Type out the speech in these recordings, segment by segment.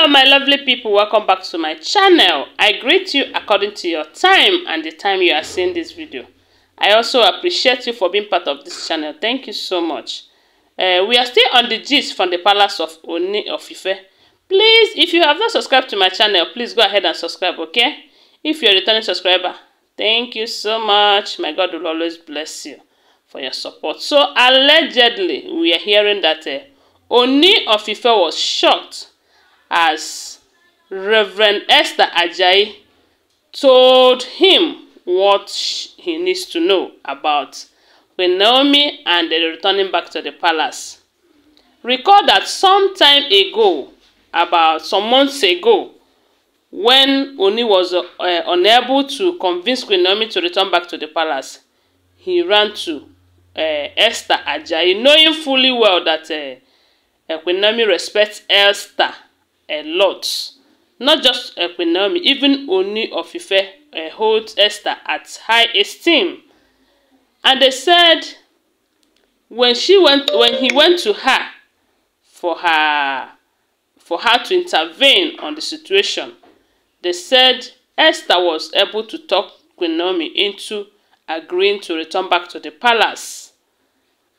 Hello my lovely people, welcome back to my channel. I greet you according to your time and the time you are seeing this video. I also appreciate you for being part of this channel. Thank you so much. Uh, we are still on the gist from the palace of Oni of Ife. Please, if you have not subscribed to my channel, please go ahead and subscribe, okay? If you're a returning subscriber, thank you so much. My God will always bless you for your support. So allegedly, we are hearing that uh, Oni of Ife was shocked as Reverend Esther Ajayi told him what he needs to know about Queen Naomi and the returning back to the palace. Recall that some time ago, about some months ago, when Oni was uh, unable to convince Queen Naomi to return back to the palace, he ran to uh, Esther Ajayi, knowing fully well that uh, uh, Queen Naomi respects Esther a lot. Not just uh, Ekpenom, even Ooni of Ife uh, holds Esther at high esteem. And they said when she went when he went to her for her for her to intervene on the situation, they said Esther was able to talk Queen Naomi into agreeing to return back to the palace.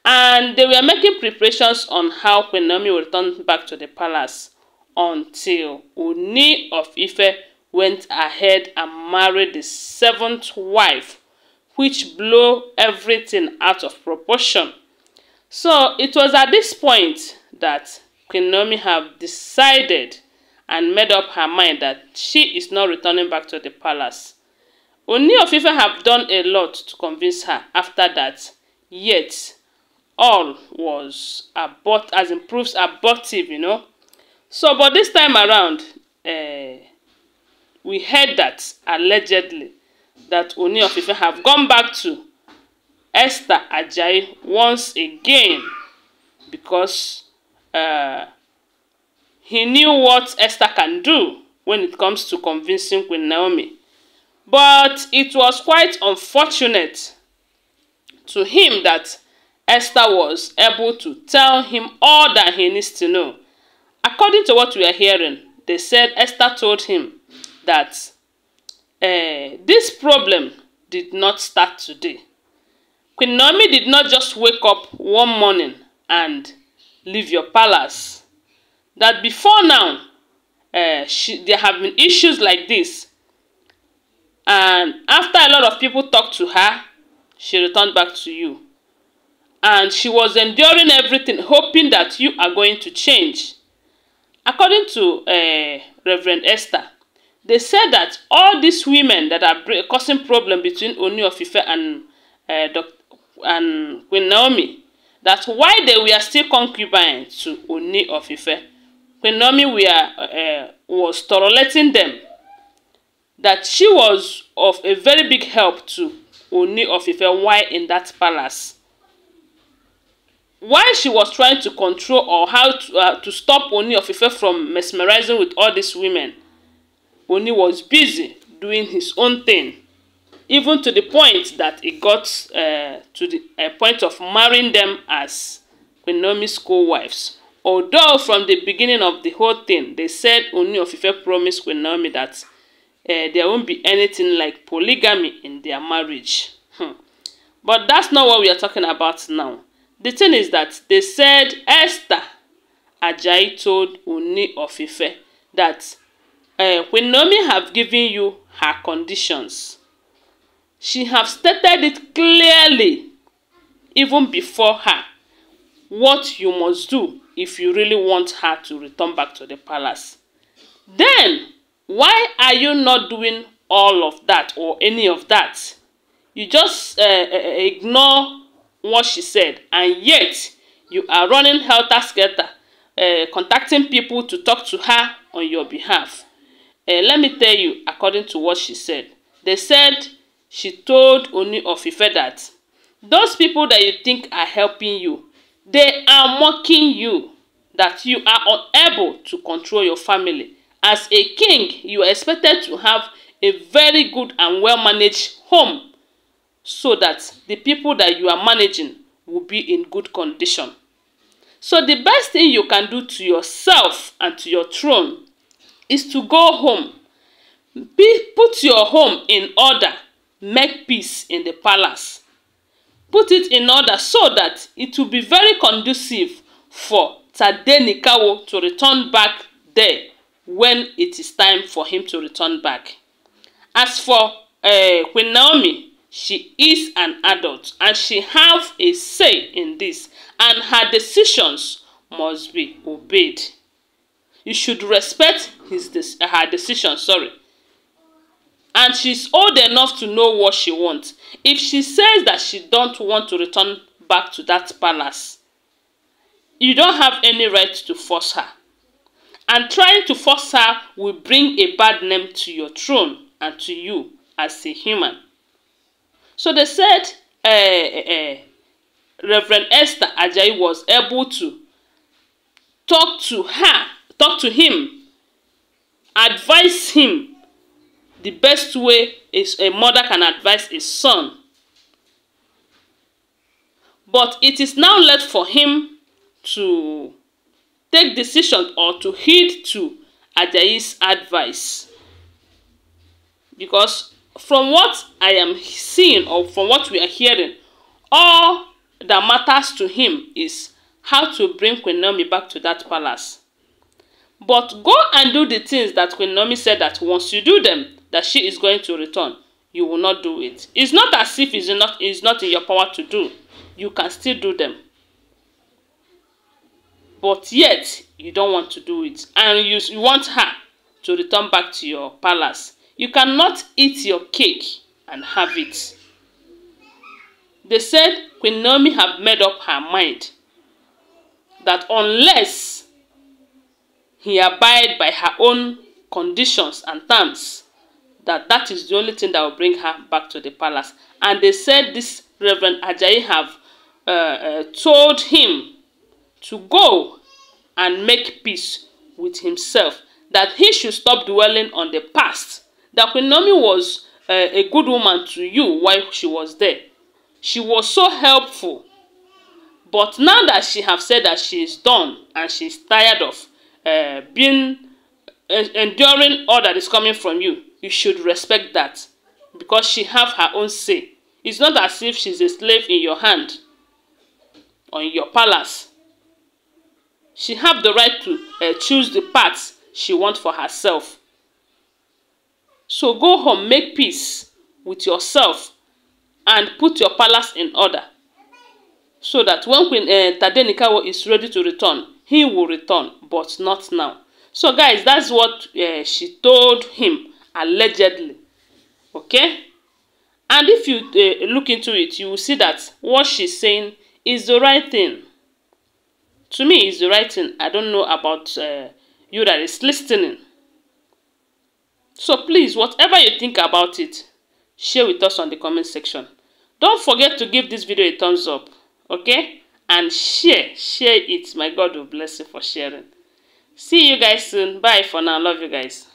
And they were making preparations on how Queen Naomi would return back to the palace until Oni of Ife went ahead and married the seventh wife, which blew everything out of proportion. So it was at this point that Queen Naomi had decided and made up her mind that she is not returning back to the palace. Oni of Ife have done a lot to convince her after that, yet all was abort as in proofs abortive, you know. So, but this time around, uh, we heard that allegedly that Ooni of have gone back to Esther Ajayi once again because uh, he knew what Esther can do when it comes to convincing Queen Naomi. But it was quite unfortunate to him that Esther was able to tell him all that he needs to know According to what we are hearing, they said Esther told him that uh, this problem did not start today. Queen Naomi did not just wake up one morning and leave your palace. That before now, uh, she, there have been issues like this. And after a lot of people talked to her, she returned back to you. And she was enduring everything, hoping that you are going to change. According to uh, Reverend Esther, they said that all these women that are causing problem between Oni of and, uh, eh, Dr. and Queen Naomi, that why they were still concubine to Oni of Queen Naomi were, uh, eh, was tolerating them, that she was of a very big help to Oni of Ife while in that palace. While she was trying to control or how to, uh, to stop Oni of from mesmerizing with all these women, Oni was busy doing his own thing, even to the point that he got uh, to the uh, point of marrying them as Queen Naomi's co-wives. Although from the beginning of the whole thing, they said Oni of promised Queen Naomi that uh, there won't be anything like polygamy in their marriage. Hmm. But that's not what we are talking about now. The thing is that they said Esther, Ajayi told Ooni of that uh, when Nomi have given you her conditions, she have stated it clearly even before her what you must do if you really want her to return back to the palace. Then, why are you not doing all of that or any of that? You just uh, ignore what she said and yet you are running helter-skelter uh, eh, contacting people to talk to her on your behalf. Uh, let me tell you according to what she said. They said she told Ooni of Ife that those people that you think are helping you they are mocking you that you are unable to control your family. As a king you are expected to have a very good and well-managed home so that the people that you are managing will be in good condition. So the best thing you can do to yourself and to your throne is to go home. Be, put your home in order. Make peace in the palace. Put it in order so that it will be very conducive for Tade Nikawo to return back there when it is time for him to return back. As for uh, Queen Naomi, she is an adult and she have a say in this and her decisions must be obeyed you should respect his de her decision sorry and she's old enough to know what she wants if she says that she don't want to return back to that palace you don't have any right to force her and trying to force her will bring a bad name to your throne and to you as a human So they said uh, uh, Reverend Esther Ajayi was able to talk to her, talk to him, advise him the best way is a mother can advise a son. But it is now left for him to take decision or to heed to Ajayi's advice. Because from what I am seeing or from what we are hearing, all that matters to him is how to bring Queen Naomi back to that palace. But go and do the things that Queen Naomi said that once you do them, that she is going to return. You will not do it. It's not as if it's not, it's not in your power to do. You can still do them. But yet, you don't want to do it. And you, you want her to return back to your palace. You cannot eat your cake and have it. They said Queen Naomi had made up her mind that unless he abide by her own conditions and terms, that that is the only thing that will bring her back to the palace. And they said this Reverend Ajayi have uh, uh, told him to go and make peace with himself, that he should stop dwelling on the past that Queen was uh, a good woman to you while she was there. She was so helpful. But now that she have said that she is done and she's tired of uh, being uh, enduring all that is coming from you, you should respect that because she have her own say. It's not as if she's a slave in your hand or in your palace. She have the right to uh, choose the path she want for herself. So go home, make peace with yourself and put your palace in order so that when Queen uh, eh, Tadenikawo is ready to return, he will return, but not now. So guys, that's what uh, she told him, allegedly. Okay? And if you uh, look into it, you will see that what she's saying is the right thing. To me, it's the right thing. I don't know about uh, you that is listening. So please, whatever you think about it, share with us on the comment section. Don't forget to give this video a thumbs up, okay? And share, share it. My God will bless you for sharing. See you guys soon. Bye for now. Love you guys.